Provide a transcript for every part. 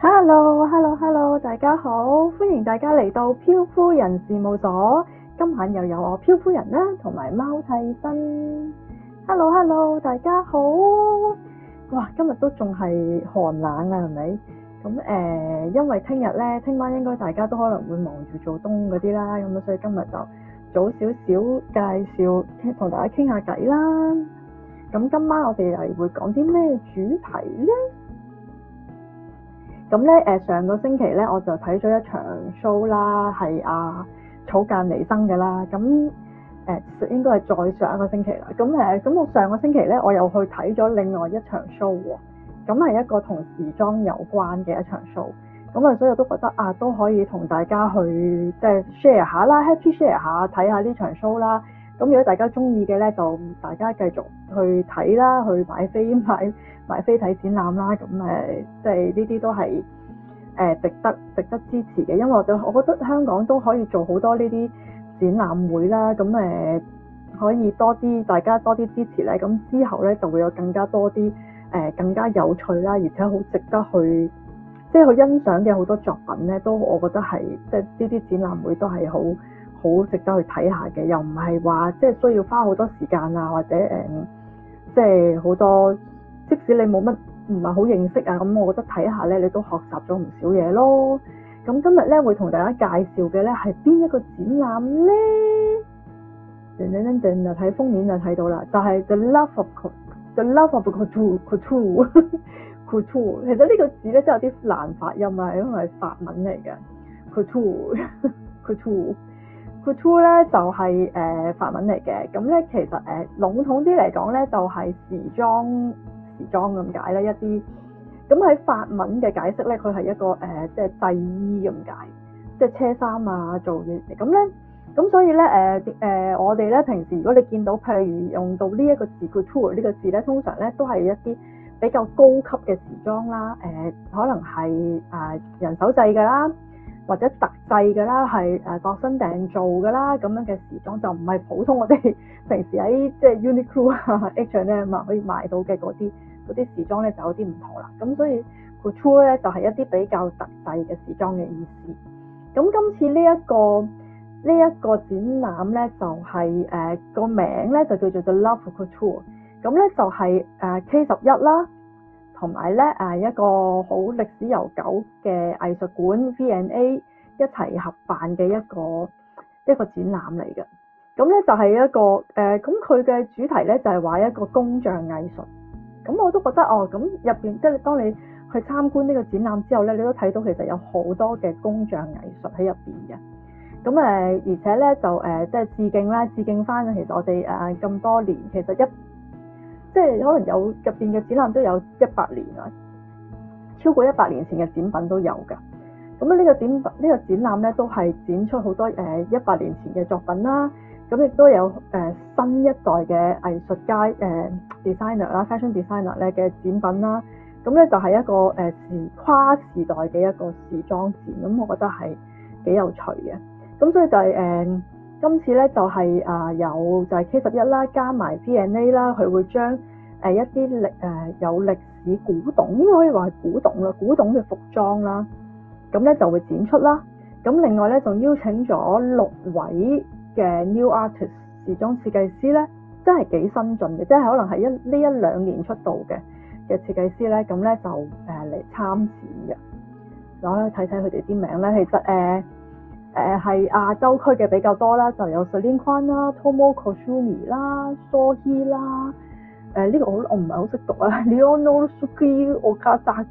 Hello，Hello，Hello，hello, hello, 大家好，歡迎大家嚟到漂夫人事務所。今晚又有我漂夫人啦，同埋貓替身。Hello，Hello，hello, 大家好。哇，今日都仲係寒冷啊，係咪？咁誒、呃，因為聽日咧，聽晚應該大家都可能會忙住做冬嗰啲啦，咁所以今日就早少少介紹，同大家傾下偈啦。咁今晚我哋嚟會講啲咩主題咧？咁咧誒上個星期咧我就睇咗一場 show 啦，係啊草間彌生嘅啦。咁誒、呃、應該係再上一個星期啦。咁誒，咁我上個星期咧我又去睇咗另外一場 show 喎。咁係一個同時裝有關嘅一場 show。咁啊所以都覺得啊都可以同大家去即係、就是、share 下啦、yeah.，happy share 下睇下呢場 show 啦。咁如果大家中意嘅咧就大家繼續去睇啦，去買飛買。買飛睇展覽啦，咁誒，即係呢啲都係誒值得值得支持嘅，因為我我覺得香港都可以做好多呢啲展覽會啦。咁誒可以多啲大家多啲支持咧，咁之後咧就會有更加多啲誒更加有趣啦，而且好值得去即係、就是、去欣賞嘅好多作品咧。都我覺得係即係呢啲展覽會都係好好值得去睇下嘅，又唔係話即係需要花好多時間啊，或者誒即係好多。即使你冇乜唔係好認識啊，咁我覺得睇下咧，你都學習咗唔少嘢咯。咁今日咧會同大家介紹嘅咧係邊一個展覽咧？等等睇封面就睇到啦。就係、是、The Love of Couture，Couture，Couture。其實呢個字咧真係有啲難發音啊，因為係法文嚟嘅 Couture，Couture，Couture 咧 Couture, 就係、係呃、法文嚟嘅。咁、嗯、咧其實誒籠、呃、統啲嚟講咧就係時裝。時裝咁解啦，一啲咁喺法文嘅解釋咧，佢係一個誒、呃，即係製衣咁解，即係車衫啊，做嘢咁咧，咁所以咧誒誒，我哋咧平時如果你見到譬如用到這、這個、呢一個字句 t o u r 呢個字咧，通常咧都係一啲比較高級嘅時裝啦，誒、呃、可能係啊、呃、人手製嘅啦，或者特製嘅啦，係誒量身訂做嘅啦，咁樣嘅時裝就唔係普通我哋平時喺即係 Uniqlo 啊 H&M 啊可以買到嘅嗰啲。嗰啲時裝咧就有啲唔同啦，咁所以 couture 咧 就係、是、一啲比較特製嘅時裝嘅意思。咁今次、這個這個、呢一個呢一,一,一個展覽咧就係誒個名咧就叫做 The Love of Couture，咁咧就係誒 K 十一啦，同埋咧誒一個好歷史悠久嘅藝術館 V&A 一齊合辦嘅一個一個展覽嚟嘅。咁咧就係一個誒，咁佢嘅主題咧就係、是、話一個工匠藝術。咁我都覺得哦，咁入邊即係當你去參觀呢個展覽之後咧，你都睇到其實有好多嘅工匠藝術喺入邊嘅。咁誒，而且咧就誒，即係致敬啦，致敬翻其實我哋誒咁多年，其實一即係可能有入邊嘅展覽都有一百年啦，超過一百年前嘅展品都有㗎。咁啊，呢個展呢個展覽咧都係展出好多誒一百年前嘅作品啦。咁亦都有誒、呃、新一代嘅藝術家誒、呃、designer 啦，fashion designer 咧嘅展品啦。咁、啊、咧就係一個誒時跨時代嘅一個時裝展，咁我覺得係幾有趣嘅。咁所以就係、是、誒、呃、今次咧就係、是、啊、呃就是呃、有就係 K 十一啦，加埋 BNA 啦，佢會將誒一啲歷誒有歷史古董應該可以話係古董啦，古董嘅服裝啦，咁咧就會展出啦。咁另外咧仲邀請咗六位嘅 new artist 時裝設計師咧，真係幾新晉嘅，即係可能係一呢一兩年出道嘅嘅設計師咧，咁咧就誒嚟參展嘅。嗱、呃，我睇睇佢哋啲名咧，其實誒誒係亞洲區嘅比較多啦，就有 Celine Kwan 啦、Tomoko Izumi 啦、Sohee 啦，誒、呃、呢、這個我我唔係好識讀啊，Ryunosuke Okazaki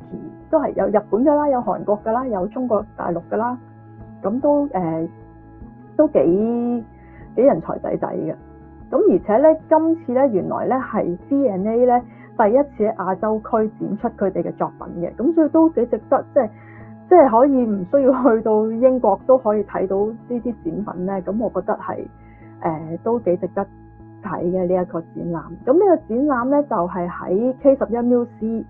都係有日本嘅啦，有韓國嘅啦，有中國大陸嘅啦，咁都誒、呃、都幾。幾人才仔仔嘅，咁而且咧，今次咧原來咧係 V&A 咧第一次喺亞洲區展出佢哋嘅作品嘅，咁所以都幾值得，即係即係可以唔需要去到英國都可以睇到呢啲展品咧，咁我覺得係誒、呃、都幾值得睇嘅呢一個展覽。咁呢個展覽咧就係喺 K11 Musea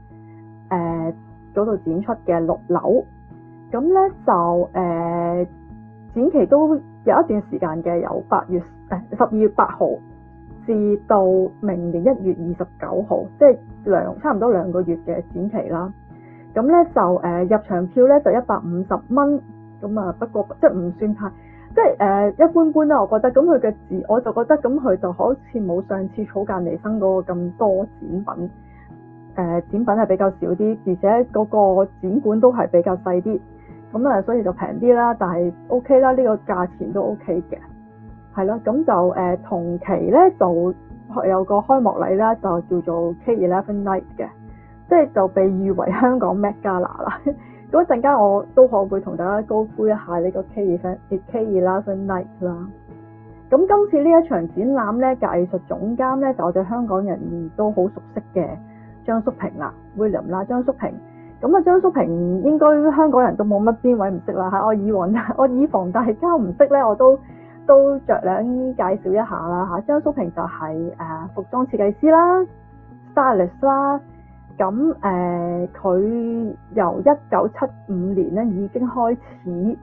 嗰度展出嘅六樓，咁咧就誒、呃、展期都。有一段時間嘅，有八月誒十二月八號至到明年一月二十九號，即係兩差唔多兩個月嘅展期啦。咁咧就誒、呃、入場票咧就一百五十蚊咁啊，不過即係唔算太即係誒、呃、一般般啦。我覺得咁佢嘅字我就覺得咁佢就好似冇上次草間彌生嗰個咁多展品，誒、呃、展品係比較少啲，而且嗰個展館都係比較細啲。咁啊，所以就平啲啦，但係 OK 啦，呢、這個價錢都 OK 嘅，係咯，咁就誒、呃、同期咧就有個開幕禮啦，就叫做 K Eleven Night 嘅，即係就被譽為香港 Met Gala 啦。咁 一陣間我都可能會同大家高呼一下呢個 K Eleven，K Eleven Night 啦。咁今次呢一場展覽咧，嘅藝術總監咧就我哋香港人也都好熟悉嘅張叔平啦，William 啦，張叔平。咁啊，張叔平應該香港人都冇乜邊位唔識啦嚇。我以往我以房代交唔識咧，我都都著兩介紹一下啦嚇。張叔平就係誒服裝設計師、啊、啦、stylist、啊、啦。咁誒，佢由一九七五年咧已經開始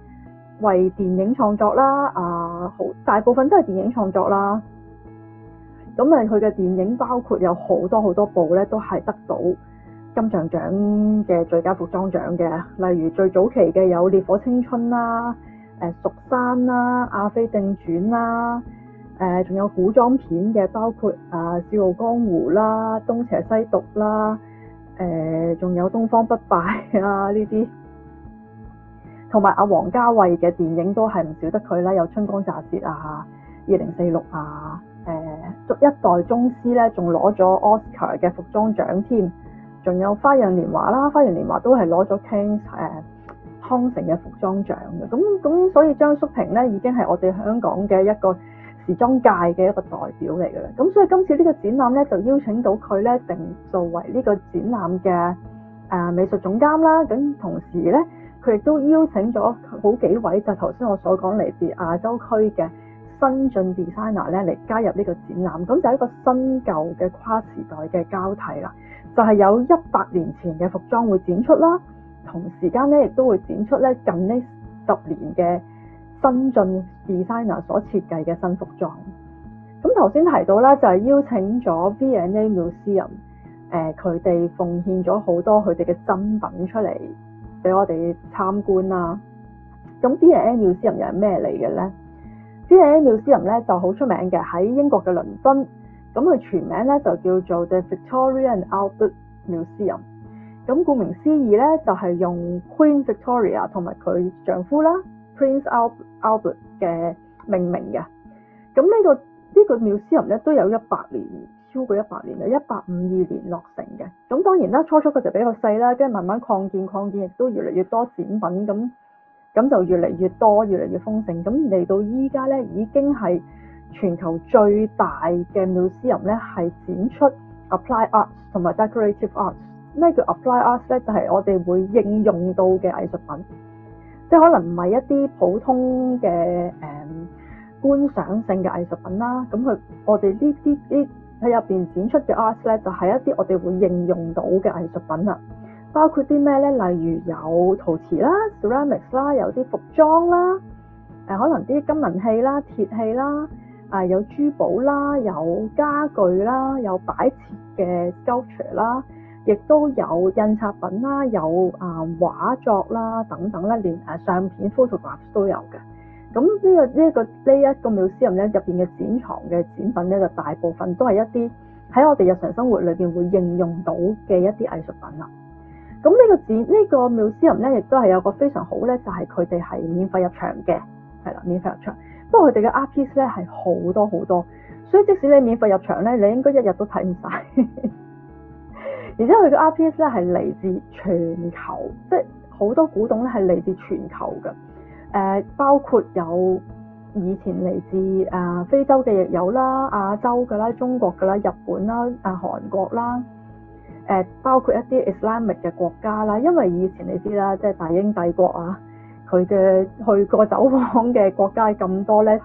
為電影創作啦。啊，好大部分都係電影創作啦。咁、啊、誒，佢嘅電影包括有好多好多部咧，都係得到金像獎嘅最佳服裝獎嘅，例如最早期嘅有《烈火青春》啦、誒、呃《蜀山》啦、《阿飛正傳》啦，誒、呃、仲有古裝片嘅，包括啊《笑、呃、傲江湖》啦、《東邪西毒》啦，誒、呃、仲有《東方不敗》啊啊呢啲，同埋阿王家衛嘅電影都係唔少得佢啦，有《春光乍泄》啊、《二零四六》啊，誒、呃、一代宗師咧仲攞咗 Oscar 嘅服裝獎添。仲有花樣年華啦，花樣年華都係攞咗 k 誒康城嘅服裝獎嘅。咁咁所以張叔平咧已經係我哋香港嘅一個時裝界嘅一個代表嚟嘅啦，咁所以今次呢個展覽咧就邀請到佢咧，定作為呢個展覽嘅誒美術總監啦，咁同時咧佢亦都邀請咗好幾位就頭先我所講嚟自亞洲區嘅新晉 designer 咧嚟加入呢個展覽，咁就係一個新舊嘅跨時代嘅交替啦。就係、是、有一百年前嘅服裝會展出啦，同時間咧亦都會展出咧近呢十年嘅新進 designer 所設計嘅新服裝。咁頭先提到咧就係、是、邀請咗 v and 繆斯人，誒佢哋奉獻咗好多佢哋嘅珍品出嚟俾我哋參觀啦。咁 v and 繆斯人又係咩嚟嘅咧 v and 繆斯人咧就好出名嘅喺英國嘅倫敦。咁佢全名咧就叫做 The Victoria and Albert Museum。咁顧名思義咧，就係用 Queen Victoria 同埋佢丈夫啦 Prince Al Albert 嘅命名嘅。咁、呢、呢個呢、呢個 Museum 咧都有一百年，超過一百年啦，一八五二年落成嘅。咁當然啦，初初佢就比較細啦，跟住慢慢擴建擴建，亦都越嚟越多展品，咁咁就越嚟越多，越嚟越豐盛。咁嚟到依家咧，已經係，全球最大嘅 museum 咧，係展出 applied arts 同埋 decorative arts。咩叫 applied arts 咧？就係、是、我哋會應用到嘅藝術品，即係可能唔係一啲普通嘅誒、嗯、觀賞性嘅藝術品啦。咁佢我哋呢啲呢喺入邊展出嘅 arts 咧，就係、是、一啲我哋會應用到嘅藝術品啦。包括啲咩咧？例如有陶瓷啦、ceramics 啦，有啲服裝啦，誒、呃、可能啲金銀器啦、鐵器啦。啊，有珠寶啦，有家具啦，有擺設嘅 sculpture 啦、啊，亦都有印刷品啦、啊，有、呃、畫啊畫作啦等等啦，連誒相、呃、片 photographs 都有嘅。咁、嗯這個這個這個、呢個呢個呢一個 museum 咧，入邊嘅展藏嘅展品咧，就大部分都係一啲喺我哋日常生活裏邊會應用到嘅一啲藝術品啦。咁、嗯這個這個、呢個展呢個 museum 咧，亦都係有一個非常好咧，就係佢哋係免費入場嘅，係啦，免費入場。不過佢哋嘅 RPS 咧係好多好多，所以即使你免費入場咧，你應該一日都睇唔晒。而且佢嘅 RPS 咧係嚟自全球，即係好多古董咧係嚟自全球嘅。誒、呃，包括有以前嚟自啊、呃、非洲嘅亦有啦，亞洲嘅啦，中國嘅啦，日本啦，啊韓國啦。誒、呃，包括一啲 Islamic 嘅國家啦，因為以前你知啦，即係大英帝國啊。佢嘅去過走訪嘅國家咁多咧，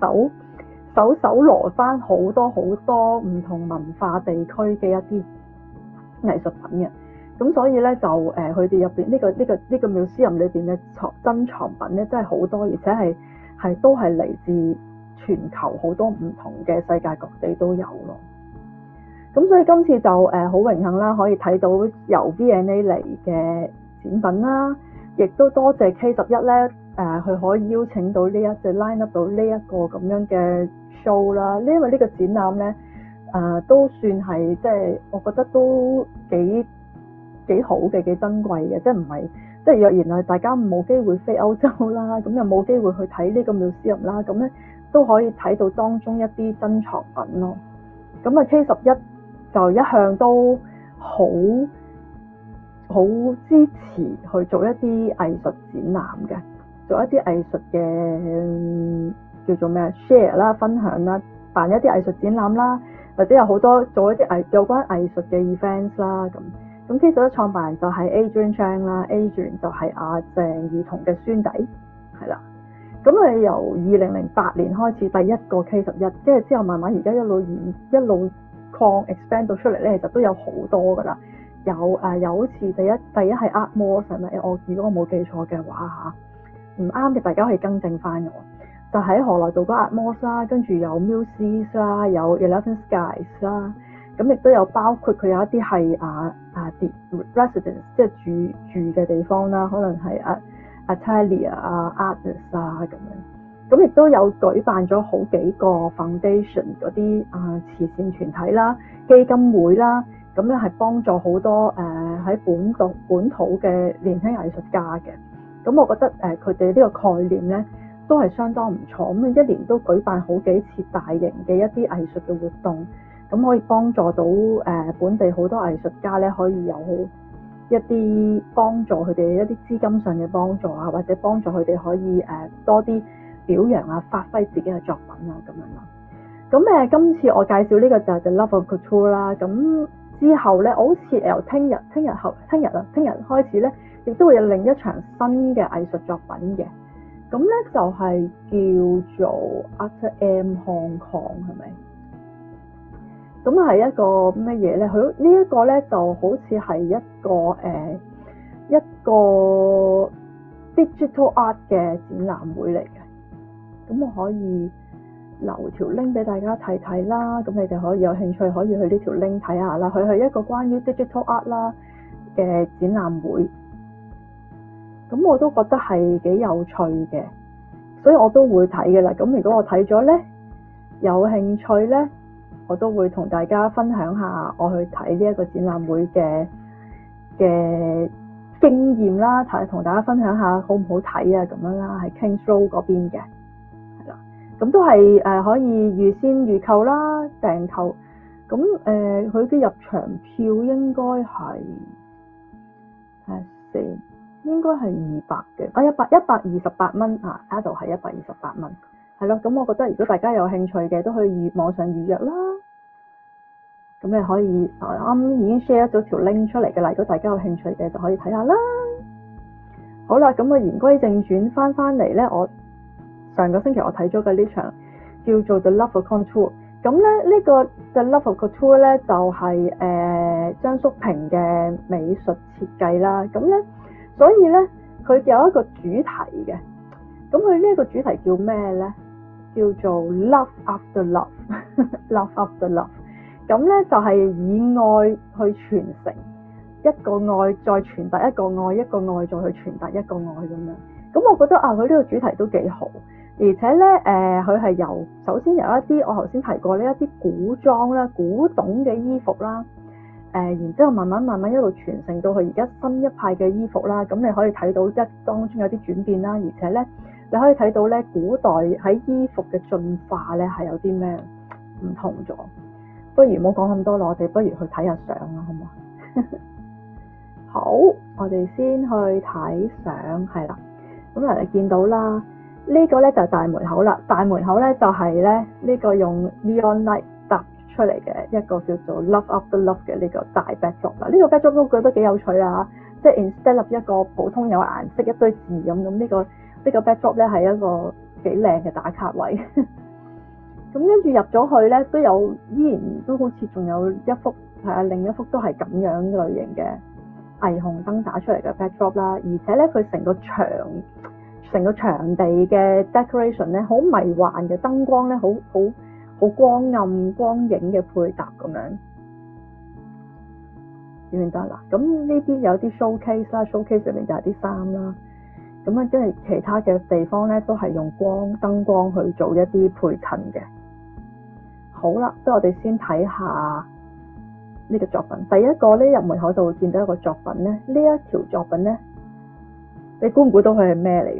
搜搜搜羅翻好多好多唔同文化地區嘅一啲藝術品嘅，咁所以咧就誒，佢哋入邊呢個呢、呢個呢、呢個 Museum 裏邊嘅藏珍藏品咧，真係好多，而且係係都係嚟自全球好多唔同嘅世界各地都有咯。咁所以今次就誒好榮幸啦，可以睇到由 V&A 嚟嘅展品啦。亦都多謝 K 十一咧，誒、呃、佢可以邀請到呢一隻 line up 到呢一個咁樣嘅 show 啦。因為呢個展覽咧，誒、呃、都算係即係，我覺得都幾幾好嘅，幾珍貴嘅。即係唔係即係若然啊，大家冇機會飛歐洲啦，咁又冇機會去睇呢個 museum 啦，咁咧都可以睇到當中一啲珍藏品咯。咁啊 K 十一就一向都好。好支持去做一啲藝術展覽嘅，做一啲藝術嘅叫做咩 share 啦，分享啦，辦一啲藝術展覽啦，或者有好多做一啲藝有關藝術嘅 events 啦，咁咁 K 十一創辦人就係 Adrian Cheng 啦、啊、Adrian 就係阿、啊、鄭裕彤嘅孫仔，係啦，咁你由二零零八年開始第一個 K 十一，即係之後慢慢而家一路延一路擴 expand 到出嚟咧，就都有好多噶啦。有誒、啊，有好似第一第一係阿莫斯係咪？我如果我冇記錯嘅話嚇，唔啱嘅，大家可以更正翻嘅喎。就喺荷蘭做咗阿莫斯啦，跟住有 Muse、啊、啦，有 Eleven Skies 啦、啊，咁、啊、亦都有包括佢有一啲係啊啊 The residence 即係住住嘅地方啦、啊，可能係啊 Italia 啊 Artus 啊咁、啊、樣，咁、啊、亦都有舉辦咗好幾個 foundation 嗰啲啊慈善團體啦、啊、基金會啦。啊。咁樣係幫助好多誒喺、呃、本土本土嘅年輕藝術家嘅，咁、嗯、我覺得誒佢哋呢個概念咧都係相當唔錯，咁、嗯、一年都舉辦好幾次大型嘅一啲藝術嘅活動，咁、嗯嗯、可以幫助到誒、呃、本地好多藝術家咧可以有一啲幫助佢哋一啲資金上嘅幫助啊，或者幫助佢哋可以誒、呃、多啲表揚啊，發揮自己嘅作品啊咁樣咯。咁、嗯、誒、嗯嗯、今次我介紹呢個就係 The Love of Couture 啦，咁、嗯。之後咧，我好似由聽日、聽日後、聽日啦、聽日開始咧，亦都會有另一場新嘅藝術作品嘅。咁咧就係、是、叫做 Art M Hong Kong 係咪？咁係一個咩嘢咧？佢、這個、呢一個咧就好似係一個誒一個 digital art 嘅展覽會嚟嘅。咁我可以。留條 link 俾大家睇睇啦，咁你哋可以有興趣可以去呢條 link 睇下啦。佢係一個關於 Digital Art 啦嘅展覽會，咁我都覺得係幾有趣嘅，所以我都會睇嘅啦。咁如果我睇咗咧，有興趣咧，我都會同大家分享下我去睇呢一個展覽會嘅嘅經驗啦，同大家分享下好唔好睇啊咁樣啦，喺 King Show 嗰邊嘅。咁都係、呃、可以預先預購啦，訂購。咁誒，佢、呃、啲入場票應該係，睇四應該係二百嘅。啊，一百一百二十八蚊啊，一度係一百二十八蚊。係咯，咁我覺得如果大家有興趣嘅，都可以網上預約啦。咁你可以，啊啱已經 share 咗條 link 出嚟嘅，如果大家有興趣嘅就可以睇下啦。好啦，咁我言歸正傳，翻翻嚟咧，我。上個星期我睇咗嘅呢場叫做《The Love of Couture》，咁咧呢個《The Love of Couture》咧就係誒張叔平嘅美術設計啦。咁咧，所以咧佢有一個主題嘅。咁佢呢一個主題叫咩咧？叫做《Love After Love》，Love After Love。咁咧就係以愛去傳承一個愛，再傳達一個愛，一個愛再去傳達一個愛咁樣。咁我覺得啊，佢呢個主題都幾好。而且咧，誒佢係由首先有一啲我頭先提過呢一啲古裝啦、古董嘅衣服啦，誒、呃、然之後慢慢慢慢一路傳承到佢而家新一派嘅衣服啦，咁你可以睇到一當中有啲轉變啦，而且咧你可以睇到咧古代喺衣服嘅進化咧係有啲咩唔同咗。不如唔好講咁多啦，我哋不如去睇下相啦，好唔好？ 好，我哋先去睇相，係啦，咁人哋見到啦。這個、呢個咧就係、是、大門口啦，大門口咧就係、是、咧呢、這個用 Neon Light 搭出嚟嘅一個叫做 Love After Love 嘅呢個大 backdrop 啦。呢、這個 backdrop 都覺得幾有趣的啊，即、就、係、是、instead of 一個普通有顏色一堆字咁，咁、這個這個、呢個呢個 backdrop 咧係一個幾靚嘅打卡位。咁跟住入咗去咧都有，依然都好似仲有一幅係啊另一幅都係咁樣的類型嘅霓虹燈打出嚟嘅 backdrop 啦，而且咧佢成個牆。成個場地嘅 decoration 咧，好迷幻嘅燈光咧，好好好光暗光影嘅配搭咁樣，明唔明得啦？咁呢邊有啲 showcase 啦，showcase 裏面就係啲衫啦。咁啊，跟住其他嘅地方咧，都係用光燈光去做一啲配襯嘅。好啦，不如我哋先睇下呢個作品。第一個咧入門口就會見到一個作品咧，呢一條作品咧。你估唔估到佢係咩嚟嘅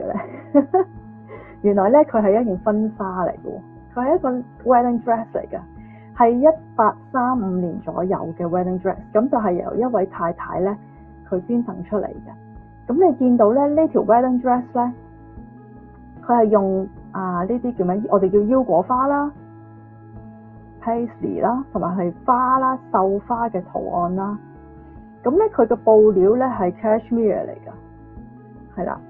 咧？ 原來咧佢係一件婚紗嚟嘅，佢係一個 wedding dress 嚟嘅，係一八三五年左右嘅 wedding dress。咁就係由一位太太咧，佢捐贈出嚟嘅。咁你見到咧，呢條 wedding dress 咧，佢係用啊呢啲叫咩？我哋叫腰果花啦、Paisley 啦，同埋係花啦、繡花嘅圖案啦。咁咧佢嘅布料咧係 cashmere 嚟㗎。係啦，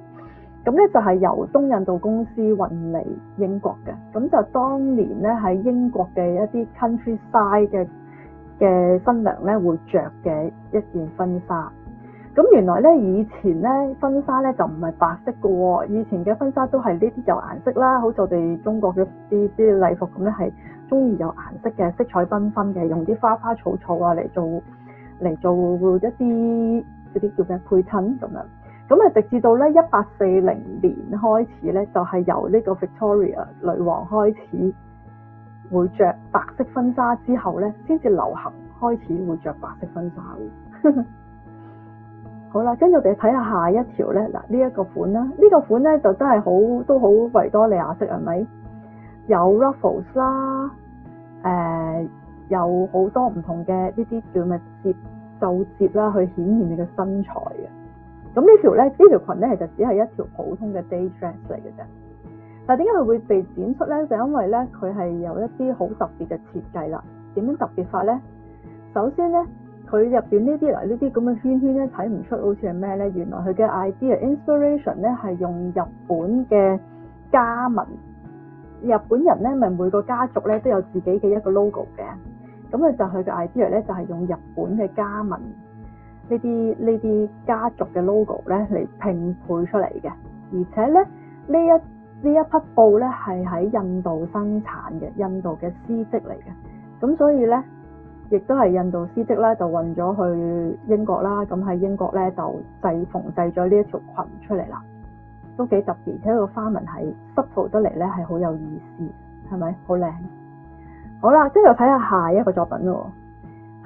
咁咧就係由東印度公司運嚟英國嘅，咁就當年咧喺英國嘅一啲 country side 嘅嘅新娘咧會着嘅一件婚紗。咁原來咧以前咧婚紗咧就唔係白色嘅喎，以前嘅婚紗都係呢啲有顏色啦，好似我哋中國嘅一啲啲禮服咁咧係中意有顏色嘅，色彩繽紛嘅，用啲花花草草啊嚟做嚟做一啲嗰啲叫咩配襯咁樣。咁啊，直至到咧一八四零年開始咧，就係、是、由呢個 Victoria 女王開始會着白色婚紗之後咧，先至流行開始會着白色婚紗。 好啦，跟住我哋睇下下一條咧。嗱，呢一個款啦，呢、這個款咧就真係好都好維多利亞式係咪？有 ruffles 啦、呃，誒有好多唔同嘅呢啲叫咩折皺折啦，去顯現你嘅身材嘅。咁呢條咧，呢條裙咧其實只係一條普通嘅 day dress 嚟嘅啫。但點解佢會被展出咧？就因為咧，佢係有一啲好特別嘅設計啦。點樣特別法咧？首先咧，佢入面呢啲嗱呢啲咁嘅圈圈咧，睇唔出好似係咩咧？原來佢嘅 idea inspiration 咧係用日本嘅家紋。日本人咧，咪每個家族咧都有自己嘅一個 logo 嘅。咁咧就佢嘅 idea 咧就係、是、用日本嘅家紋。呢啲呢啲家族嘅 logo 咧嚟拼配出嚟嘅，而且咧呢這一呢一匹布咧係喺印度生產嘅，印度嘅絲織嚟嘅，咁所以咧亦都係印度絲織啦，就運咗去英國啦，咁喺英國咧就製縫製咗呢一條裙出嚟啦，都幾特別，且個花紋係織造得嚟咧係好有意思，係咪好靚？好啦，跟住又睇下下一個作品咯。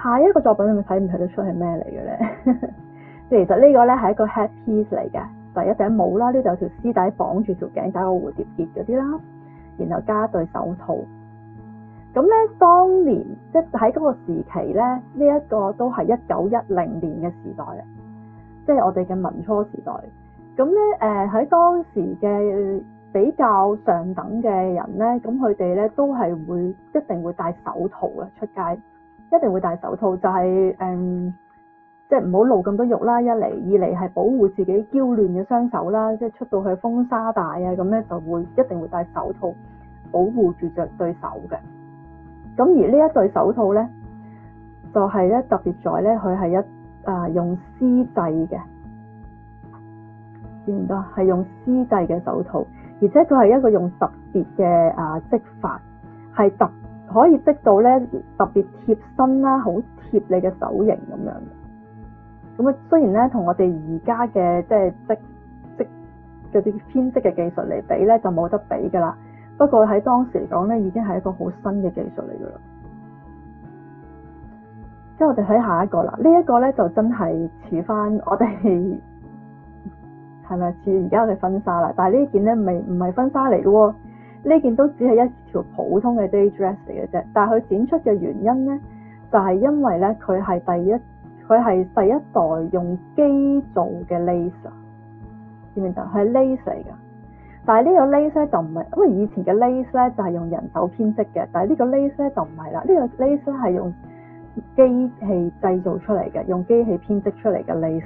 下一個作品你咪睇唔睇得出係咩嚟嘅咧？即 其實這個呢個咧係一個 head piece 嚟嘅，就是、一頂帽啦，呢度有條絲帶綁住條頸，帶個蝴蝶結嗰啲啦，然後加對手套。咁咧當年即係喺嗰個時期咧，呢、這、一個都係一九一零年嘅時代啊，即、就、係、是、我哋嘅民初時代。咁咧誒喺當時嘅比較上等嘅人咧，咁佢哋咧都係會一定會戴手套嘅出街。一定會戴手套，就係、是、誒、嗯，即係唔好露咁多肉啦。一嚟，二嚟係保護自己嬌嫩嘅雙手啦。即係出到去風沙大啊，咁咧就會一定會戴手套保護住著對手嘅。咁而呢一對手套咧，就係、是、咧特別在咧，佢係一啊用絲製嘅，見唔到？係用絲製嘅手套，而且佢係一個用特別嘅啊織法，係特。可以織到咧特別貼身啦，好貼你嘅手型咁樣。咁啊，雖然咧同我哋而家嘅即係織織啲編織嘅技術嚟比咧，就冇得比噶啦。不過喺當時嚟講咧，已經係一個好新嘅技術嚟噶啦。之後我哋睇下一個啦，呢一個咧就真係似翻我哋係咪似而家嘅婚紗啦，但係呢件咧咪唔係婚紗嚟嘅喎。呢件都只係一條普通嘅 day dress 嘅啫，但係佢展出嘅原因咧，就係因為咧佢係第一，佢係第一代用機做嘅 lace，知唔知佢係 lace 嚟噶？但係呢個 lace 咧就唔係，因為以前嘅 lace 咧就係用人手編織嘅，但係呢個 lace 咧就唔係啦。呢個 lace 咧係用機器製造出嚟嘅，用機器編織出嚟嘅 lace。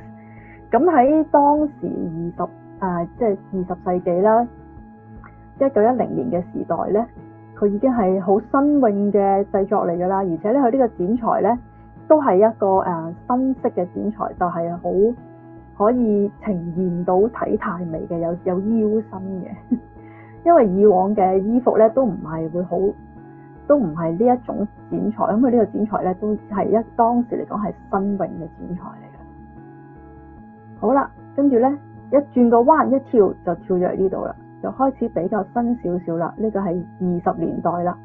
咁喺當時二十啊，即係二十世紀啦。一九一零年嘅時代咧，佢已經係好新穎嘅製作嚟㗎啦，而且咧佢呢它個剪裁咧都係一個誒、呃、新式嘅剪裁，就係、是、好可以呈現到體態美嘅，有有腰身嘅。 因為以往嘅衣服咧都唔係會好，都唔係呢一種剪裁，咁佢呢個剪裁咧都係一當時嚟講係新穎嘅剪裁嚟嘅。好啦，跟住咧一轉個彎一跳就跳咗嚟呢度啦。就開始比較新少少啦，呢個係二十年代啦。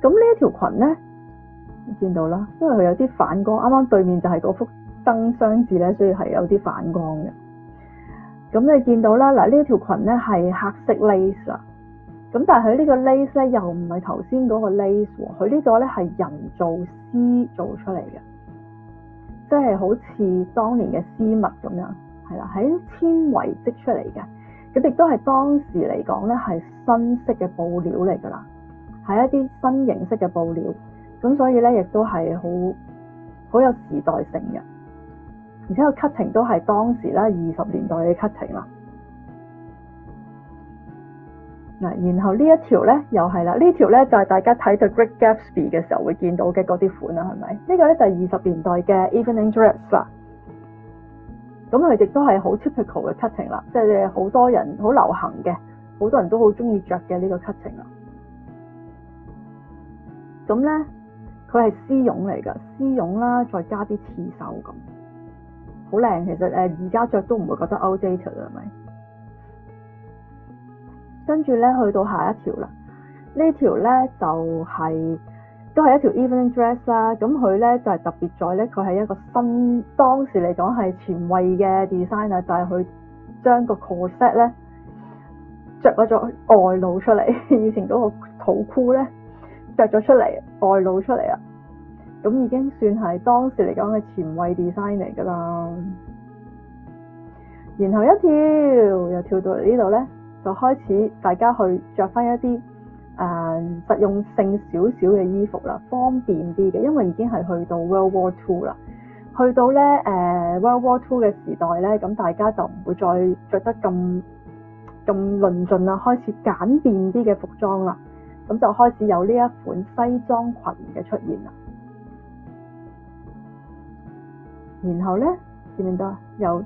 咁呢一條裙咧，見到啦，因為佢有啲反光，啱啱對面就係嗰幅燈箱字咧，所以係有啲反光嘅。咁你見到啦，嗱呢一條裙咧係黑色 lace，咁但係佢呢個 lace 咧又唔係頭先嗰個 lace 喎，佢呢個咧係人造絲做出嚟嘅，即係好似當年嘅絲襪咁樣，係啦，喺纖維織出嚟嘅。咁亦都係當時嚟講咧，係新式嘅布料嚟㗎啦，係一啲新形式嘅布料，咁所以咧，亦都係好好有時代性嘅，而且個 cutting 都係當時咧二十年代嘅 cutting 啦。嗱，然後呢一條咧又係啦，呢條咧就係大家睇《The Great Gatsby》嘅時候會見到嘅嗰啲款啦，係咪？呢個咧就係二十年代嘅 Evening Dress 啦。咁佢亦都係好 typical 嘅 cutting 啦，即係好多人好流行嘅，好多人都好中意着嘅呢個 cutting 啦。咁咧，佢係絲絨嚟噶，絲絨啦，再加啲刺繡咁，好靚。其實誒，而家着都唔會覺得 outdated 啦係咪？跟住咧，去到下一條啦，呢條咧就係。都係一條 evening dress 啦，咁佢咧就係、是、特別在咧，佢係一個新當時嚟講係前衛嘅 designer，就係佢將個 corset 咧着咗個外露出嚟，以前嗰個肚箍咧着咗出嚟，外露出嚟啊！咁已經算係當時嚟講嘅前衛 design 嚟噶啦。然後一跳又跳到嚟呢度咧，就開始大家去着翻一啲。誒、嗯、實用性少少嘅衣服啦，方便啲嘅，因為已經係去到 World War Two 啦。去到咧誒、呃、World War Two 嘅時代咧，咁大家就唔會再着得咁咁論盡啦，開始簡便啲嘅服裝啦。咁就開始有呢一款西裝裙嘅出現啦。然後咧，見唔見到？有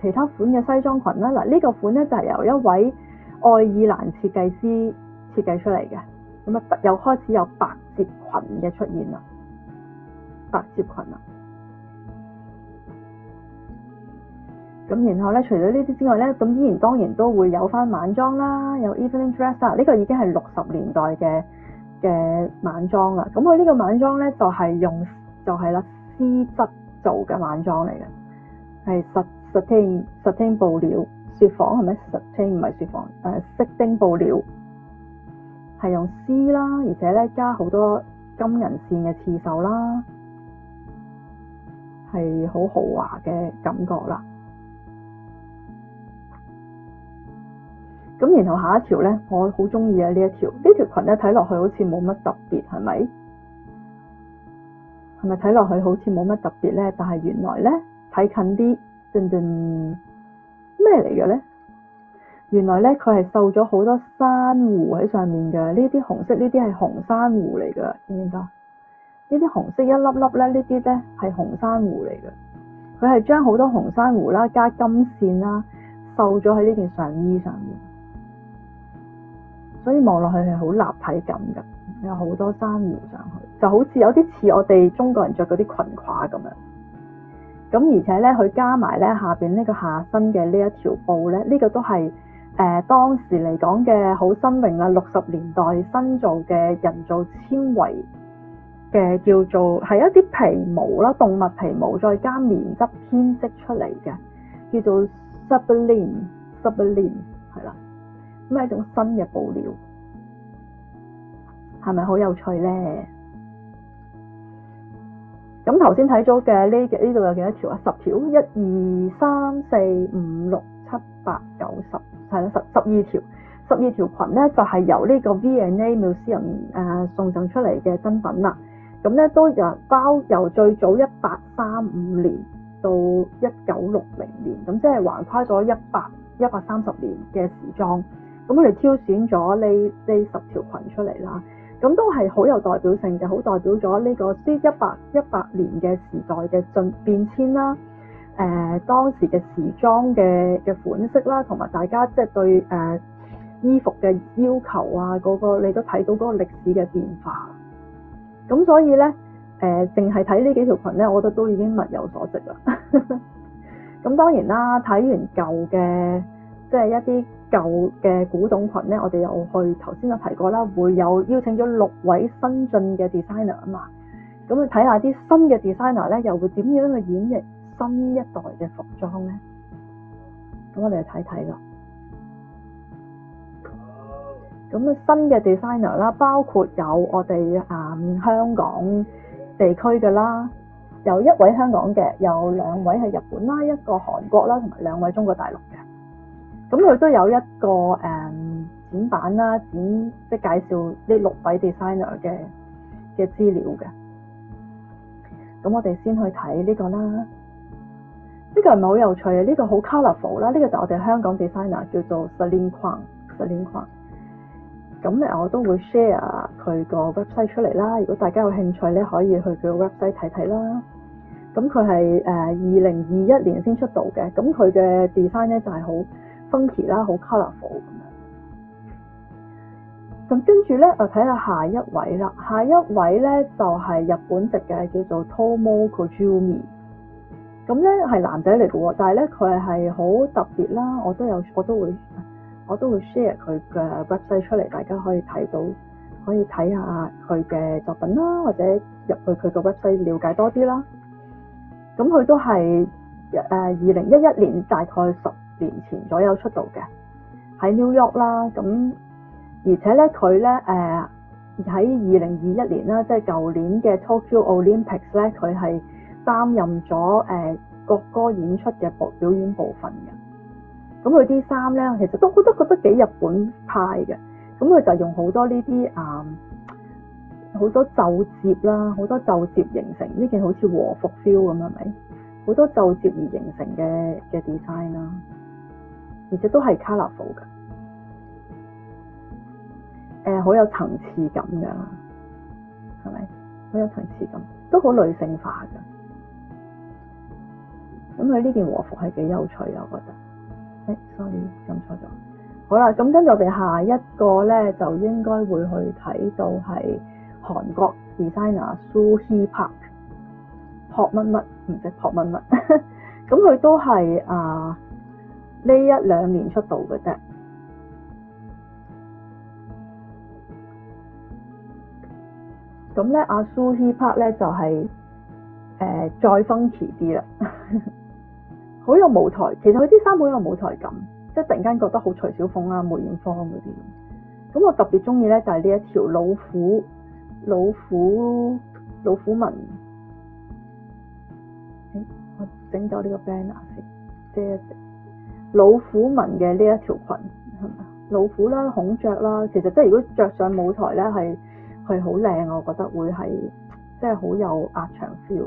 其他款嘅西裝裙啦。嗱，呢個款咧就係由一位愛爾蘭設計師，設計出嚟嘅，咁啊又開始有百褶裙嘅出現啦，百褶裙啊！咁然後咧，除咗呢啲之外咧，咁依然當然都會有返晚裝啦，有 evening dress 啊，呢個已經係六十年代嘅嘅晚裝啦。咁佢呢個晚裝咧就係、是、用就係、是、啦絲質做嘅晚裝嚟嘅，係 satin、satin 布料，雪紡係咪 satin，唔係雪紡，誒，色丁布料。係用絲啦，而且咧加好多金銀線嘅刺繡啦，係好豪華嘅感覺啦。咁然後下一條咧，我好中意啊，呢一條呢條裙咧睇落去好似冇乜特別，係咪？係咪睇落去好似冇乜特別咧？但係原來咧，睇近啲，定定咩嚟嘅咧？原來咧，佢係繡咗好多珊瑚喺上面嘅。呢啲紅色，呢啲係紅珊瑚嚟噶，知唔知？啊？呢啲紅色一粒粒咧，呢啲咧係紅珊瑚嚟噶。佢係將好多紅珊瑚啦，加金線啦，繡咗喺呢件上衣上面，所以望落去係好立體感噶，有好多珊瑚上去，就好似有啲似我哋中國人着嗰啲裙褂咁樣。咁而且咧，佢加埋咧下邊呢個下身嘅呢一條布咧，呢個都係。誒、呃、當時嚟講嘅好新穎啦，六十年代新造嘅人造纖維嘅叫做係一啲皮毛啦，動物皮毛再加棉質編織出嚟嘅叫做 Sublime Sublime，係啦，咁係一種新嘅布料，係咪好有趣咧？咁頭先睇咗嘅呢？嘅呢度有幾多條啊？十條，一二三四五六七八九十。1, 2, 3, 4, 5, 6, 7, 8, 9, 係啦，十十二條十二條裙咧，就係、是、由個 V&A Museum、呃、送送呢個 V&A Museum 誒送贈出嚟嘅珍品啦。咁咧都由包由最早一八三五年到一九六零年，咁、嗯、即係橫跨咗一百一百三十年嘅時裝。咁佢哋挑選咗呢呢十條裙出嚟啦，咁都係好有代表性嘅，好代表咗呢個 C 一百一百年嘅時代嘅進變遷啦。誒、呃、當時嘅時裝嘅嘅款式啦，同埋大家即係對誒、呃、衣服嘅要求啊，嗰個你都睇到嗰個歷史嘅變化。咁所以咧，誒淨係睇呢幾條裙咧，我覺得都已經物有所值啦。咁 當然啦，睇完舊嘅即係一啲舊嘅古董裙咧，我哋又去頭先就提過啦，會有邀請咗六位新晉嘅 designer 啊嘛。咁你睇下啲新嘅 designer 咧，又會點樣去演繹？新一代嘅服裝咧，咁我哋就睇睇咯。咁新嘅 designer 啦，包括有我哋啊、嗯、香港地區嘅啦，有一位香港嘅，有兩位係日本啦，一個韓國啦，同埋兩位中國大陸嘅。咁佢都有一個誒、嗯、展板啦，展即係介紹呢六位 designer 嘅嘅資料嘅。咁我哋先去睇呢個啦。呢、這個係咪好有趣啊？呢、這個好 colourful 啦，呢、這個就係我哋香港 designer 叫做 Celine Kwan，Celine Kwan。咁咧我都會 share 佢個 website 出嚟啦。如果大家有興趣咧，可以去佢個 website 睇睇啦。咁佢係誒二零二一年先出道嘅。咁佢嘅 design 咧就係好 funky 啦，好 colourful 咁樣。咁跟住咧，我睇下下一位啦。下一位咧就係、是、日本籍嘅，叫做 Tomoko Izumi。咁咧係男仔嚟嘅喎，但係咧佢係好特別啦。我都有，我都會，我都會 share 佢嘅 website 出嚟，大家可以睇到，可以睇下佢嘅作品啦，或者入去佢嘅 website 了解多啲啦。咁佢都係誒二零一一年大概十年前左右出道嘅，喺 New York 啦。咁而且咧佢咧誒喺二零二一年啦，即係舊年嘅 Tokyo Olympics 咧，佢係，擔任咗誒國歌演出嘅部表演部分嘅。咁佢啲衫咧，其實都，都覺得覺得幾日本派嘅。咁佢就用好多呢啲啊好多皺褶啦，好多皺褶形成呢件好似和服 feel 咁係咪？好多皺褶而形成嘅嘅 design 啦，而且都係 colourful 嘅誒，好、呃、有層次感㗎，係咪好有層次感？都好女性化㗎。咁佢呢件和服係幾有趣啊！我覺得，誒、欸、sorry，撳錯咗。好啦，咁跟住我哋下一個咧，就應該會去睇到係韓國 designer Sohee Park，朴乜乜，唔識朴乜乜。咁佢 都係啊呢一兩年出道嘅啫。咁咧，阿 Sohee Park 咧就係、是、誒、呃、再 funky 啲啦。 好有舞台，其實佢啲衫好有舞台感，即係突然間覺得好徐小鳳啊、梅艷芳嗰啲。咁我特別中意咧，就係、是、呢一條老虎、老虎、老虎紋。嗯，我整咗呢個 banner 先，即係一隻老虎紋嘅呢一條裙，老虎啦、孔雀啦，其實即係如果着上舞台咧，係係好靚，我覺得會係即係好有壓場 feel。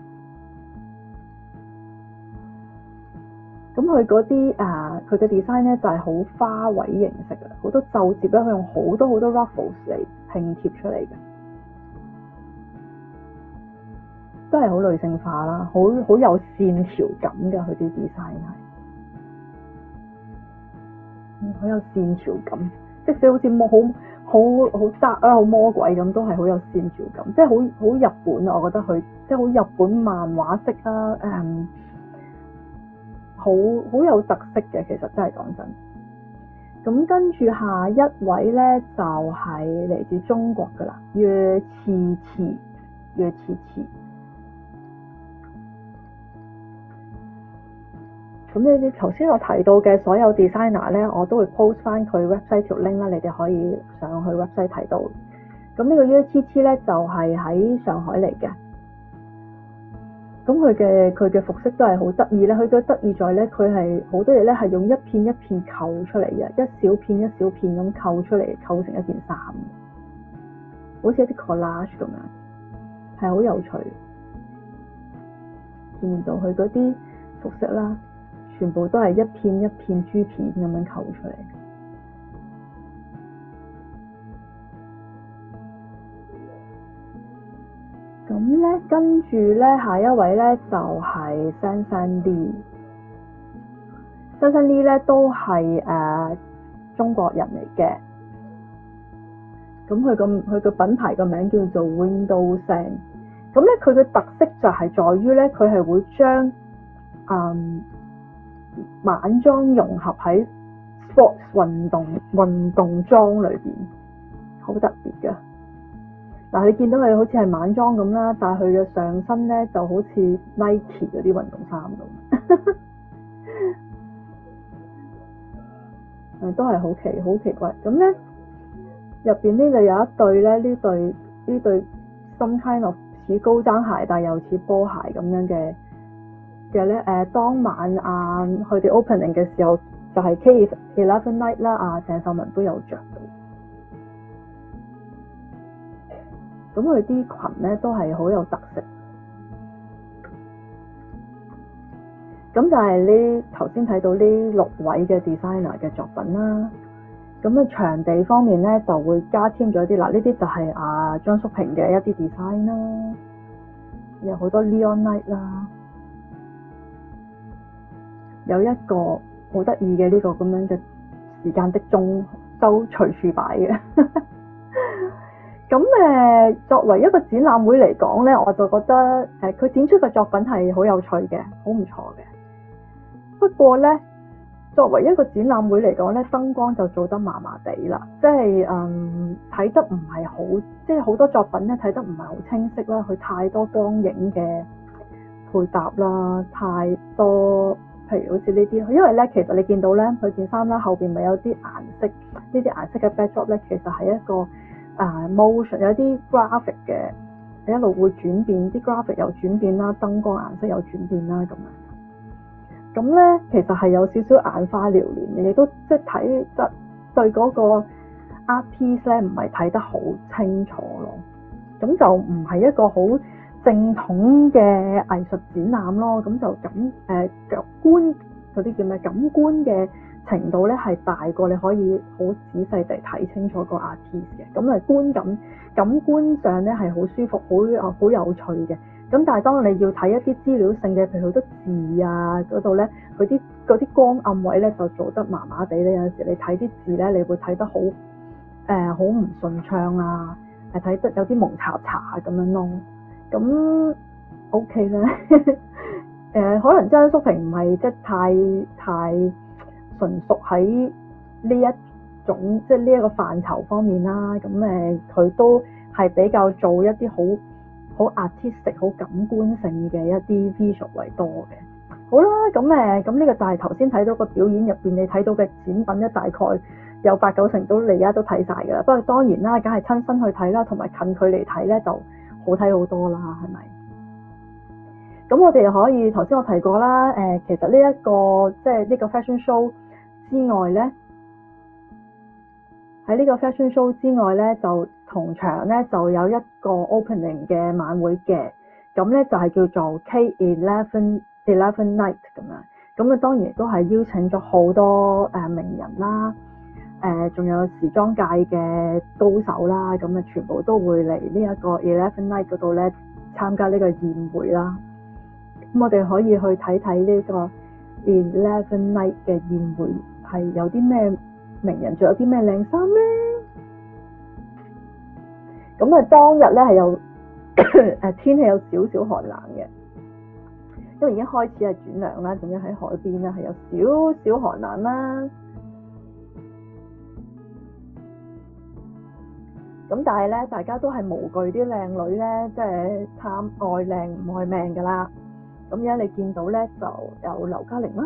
咁佢嗰啲啊，佢、呃、嘅 design 咧就係、是、好花卉形式嘅，好多褶折咧，佢用好多好多 ruffles 嚟拼貼出嚟嘅，都係好女性化啦，好好有線條感嘅佢啲 design 係，嗯，好有線條感，即係好似冇好好好窄啊，好魔鬼咁，都係好有線條感，即係好好日本啊，我覺得佢即係好日本漫畫式啦。誒、嗯。好好有特色嘅，其實真係講真的。咁跟住下一位咧，就係、是、嚟自中國噶啦，岳琦琦，岳琦琦。咁你哋頭先我提到嘅所有 designer 咧，我都會 post 返佢 website 條 link 啦，你哋可以上去 website 睇到。咁呢個岳琦琦咧，就係、是、喺上海嚟嘅。咁佢嘅佢嘅服飾都係好得意咧，佢嘅得意在咧，佢係好多嘢咧係用一片一片扣出嚟嘅，一小片一小片咁扣出嚟扣成一件衫，好似一啲 collage 咁樣，係好有趣。見到佢嗰啲服飾啦，全部都係一片一片珠片咁樣扣出嚟。咁咧，跟住咧，下一位咧就係、是、Sensen Lii。Sensen Lii 咧都係誒、呃、中國人嚟嘅。咁佢個佢個品牌個名叫做 Windowsen。咁咧，佢嘅特色就係在於咧，佢係會將嗯晚裝融合喺 Sports 運動運動裝裏邊，好特別㗎。但係，你見到佢好似係晚裝咁啦，但係佢嘅上身咧就好似 Nike 啲運動衫咁， 都係好奇好奇怪。咁咧入邊呢度有一對咧，呢對呢對 some kind of 似高踭鞋，但係又似波鞋咁樣嘅嘅咧。誒、呃、當晚啊，佢哋 opening 嘅時候就係 K11 Night 啦，啊，鄭秀文都有着。咁佢啲裙咧都係好有特色，咁就係呢頭先睇到呢六位嘅 designer 嘅作品啦。咁啊場地方面咧就會加添咗啲啦，呢啲就係啊張叔平嘅一啲 design 啦，有好多 neon light 啦，有一個好得意嘅呢個咁樣嘅時間的鐘都隨處擺嘅。咁誒，作為一個展覽會嚟講咧，我就覺得誒，佢、呃、展出嘅作品係好有趣嘅，好唔錯嘅。不過咧，作為一個展覽會嚟講咧，燈光就做得麻麻地啦，即係嗯睇得唔係好，即係好多作品咧睇得唔係好清晰啦。佢太多光影嘅配搭啦，太多，譬如好似呢啲，因為咧其實你見到咧，佢件衫啦後邊咪有啲顏色，這些顏色呢啲顏色嘅 backdrop 咧，其實係一個。啊、uh，motion 有啲 graphic 嘅，一路會轉變，啲 graphic 有轉變啦，燈光顏色有轉變啦，咁樣。咁咧，其實係有少少眼花撩亂嘅，都即係睇得對嗰個 art piece 咧，唔係睇得好清楚咯。咁就唔係一個好正統嘅藝術展覽咯。咁就感誒感官嗰啲叫咩感官嘅？程度咧係大過你可以好仔細地睇清楚個牙齒嘅咁嚟觀感感官上咧係好舒服好啊好有趣嘅咁，但係當你要睇一啲資料性嘅，譬如好多字啊嗰度咧，佢啲嗰啲光暗位咧就做得麻麻地咧，有時候你睇啲字咧，你會睇得好誒好唔順暢啊，係睇得有啲蒙查查咁樣咯。咁 OK 咧誒、 呃，可能張叔平唔係即係太太。太純屬喺呢一種即係呢一個範疇方面啦，咁誒佢都係比較做一啲好好 artistic 好感官性嘅一啲 visual 為多嘅。好啦，咁誒咁呢個就係頭先睇到個表演入邊你睇到嘅展品咧，大概有八九成都你而家都睇晒㗎啦。不過當然啦，梗係親身去睇啦，同埋近距離睇咧就好睇好多啦，係咪？咁我哋可以頭先我提過啦，誒、呃、其實呢、這、一個即係呢個 fashion show。之外咧，喺呢個 fashion show 之外咧，就同場咧就有一個 opening 嘅晚會嘅，咁咧就係、是、叫做 K Eleven Eleven Night 咁樣，咁啊當然都係邀請咗好多誒名人啦，誒、呃、仲有時裝界嘅高手啦，咁啊全部都會嚟呢一個 Eleven Night 嗰度咧參加呢個宴會啦。咁我哋可以去睇睇呢個 Eleven Night 嘅宴會。係有啲咩名人著，有啲咩靚衫咧？咁啊，當日咧係有誒 天氣有少少寒冷嘅，因為已經開始係轉涼啦，仲要喺海邊啦，係有少少寒冷啦。咁但係咧，大家都係無懼啲靚女咧，即係貪愛靚唔愛命噶啦。咁樣你見到咧就有劉嘉玲啦。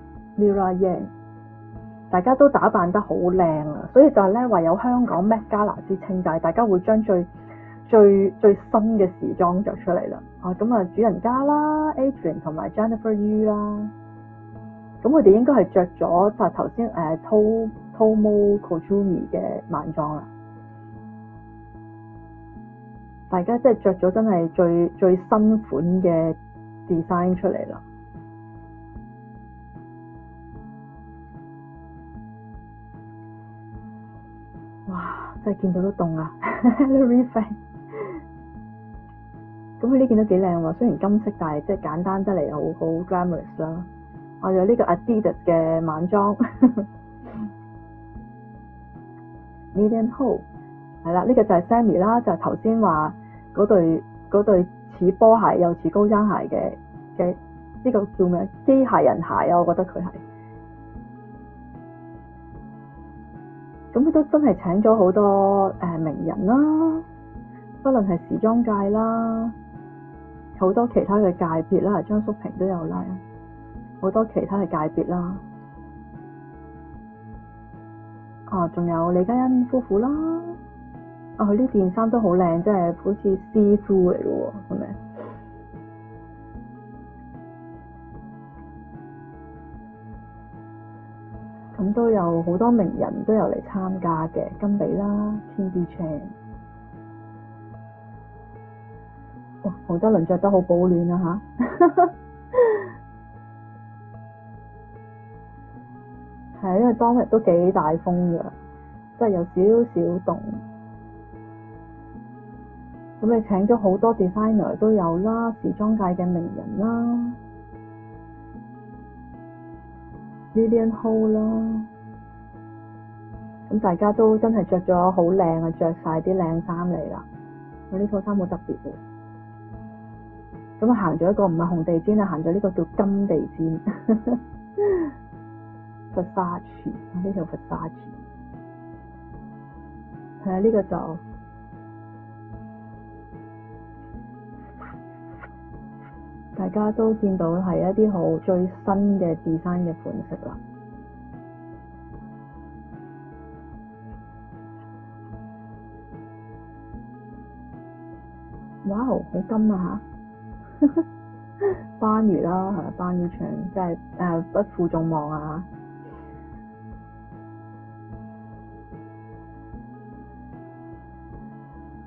Yen, 大家都打扮得好靚啊，所以就係咧，唯有香港 Met Gala 之稱嘅，大家會將最最最新嘅時裝著出嚟啦。啊，咁啊主人家啦，Adrian 同埋 Jennifer Yu 啦，咁佢哋應該係着咗就頭先誒 Tom Tomoko Izumi 嘅晚裝啦。大家即係着咗真係最最新款嘅 design 出嚟啦。見到都凍啊。咁佢呢件都幾靚喎，雖然金色，但係即係簡單得嚟，好好 glamorous 啦。我有呢個 Adidas 嘅晚裝，medium hole。係啦，呢個就係 Sammy 啦，就係頭先話嗰對嗰對似波鞋又似高踭鞋嘅嘅呢個叫咩機械人鞋啊，我覺得佢係。咁佢都真係請咗好多誒名人啦，不論係時裝界啦，好多其他嘅界別啦，張淑平張叔平都有啦，好多其他嘅界別啦。仲、啊、有李嘉欣夫婦啦。佢、啊、呢件衫都好靚，真係好似師傅嚟嘅喎，係咪？都有好多名人都有嚟參加嘅，金比啦 Tiffany Chan，哇，洪卓麟着得好保暖啊嚇，係、啊、 因為當日都幾大風嘅，真係有少少凍，咁你請咗好多 designer 都有啦，時裝界嘅名人啦。呢啲 l i a 啦，咁大家都真係着咗好靚啊，着晒啲靚衫嚟啦。我呢套衫好特別嘅，咁啊行咗一個唔係紅地氈啊，行咗呢個叫金地氈， 佛沙池，呢條佛沙池，係啊呢個就。大家都見到係一啲好最新嘅 design 嘅款式啦。哇、哦！好金啊嚇， 班魚啦係咪？班魚長真係誒不負眾望啊！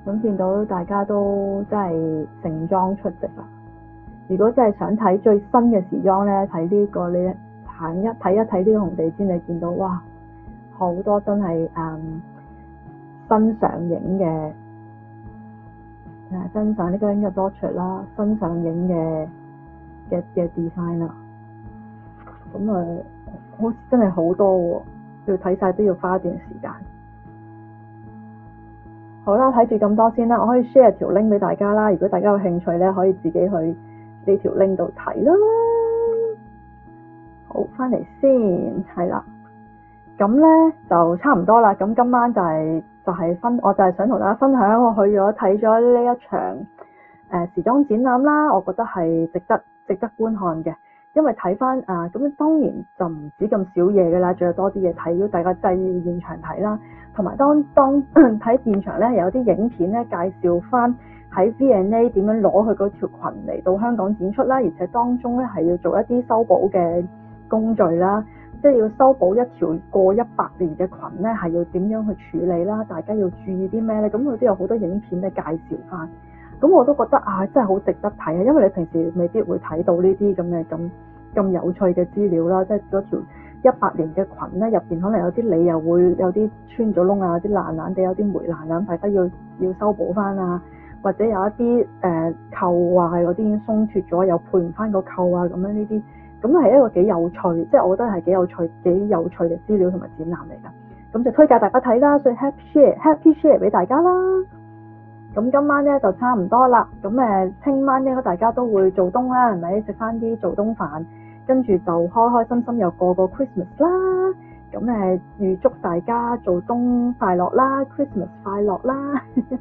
咁 見到大家都真係盛裝出席啦！如果真係想睇最新嘅時裝咧，睇呢、呢個你行一睇一睇呢個紅地毯，你見到哇好多真係誒新上映嘅誒新上呢個應該多出啦，新上映嘅嘅嘅 design 啦，咁啊，好似真係好、嗯呃、多喎，要睇晒都要花一段時間。好啦，睇住咁多先啦，我可以 share 條 link 俾大家啦。如果大家有興趣咧，可以自己去。呢條 link 度睇啦，好翻嚟先，係啦，咁咧就差唔多啦。咁今晚就係、是、就係、是、分，我就係想同大家分享，我去咗睇咗呢一場誒、呃、時裝展覽啦，我覺得係值得值得觀看嘅，因為睇翻啊，咁、呃、當然就唔止咁少嘢噶啦，仲有多啲嘢睇，要大家滯現場睇啦，同埋當當睇現場咧，有啲影片咧介紹翻，睇 V&A 點樣攞佢嗰條裙嚟到香港展出啦，而且當中咧係要做一啲修補嘅工序啦，即係要修補一條過一百年嘅裙咧，係要點樣去處理啦？大家要注意啲咩咧？咁佢都有好多影片咧介紹翻。咁我都覺得啊，真係好值得睇啊，因為你平時未必會睇到呢啲咁嘅咁咁有趣嘅資料啦。即係嗰條一百年嘅裙咧，入邊可能有啲脷又會有啲穿咗窿啊，有啲爛爛地，有啲黴爛啊，大家要要修補翻啊！或者有一啲誒、呃、扣話嗰啲已經鬆脱咗，又配唔翻個扣啊，咁樣呢啲，咁係一個幾有趣，即係我覺得係幾有趣、幾有趣嘅資料同埋展覽嚟㗎。咁就推介大家睇啦，所以 happy share，happy share 俾大家啦。咁今晚咧就差唔多啦。咁誒，聽晚應該大家都會做冬啦，係咪？食翻啲做冬飯，跟住就開開心心又過個 Christmas 啦。咁誒，預祝大家做冬快樂啦，Christmas 快樂啦！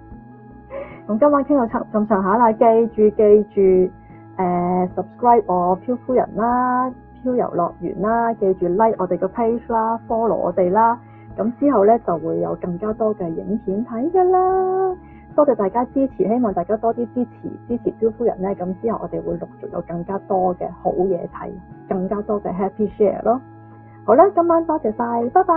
咁今晚傾到差咁上下啦，記住記住誒 subscribe 我漂夫人啦，漂遊樂園啦，記住 like 我哋個 page 啦，follow 我哋啦，咁之後咧就會有更加多嘅影片睇嘅啦。多謝大家支持，希望大家多啲支持支持漂夫人咧，咁之後我哋會陸續有更加多嘅好嘢睇，更加多嘅 happy share 咯。好啦，今晚多謝晒，拜拜。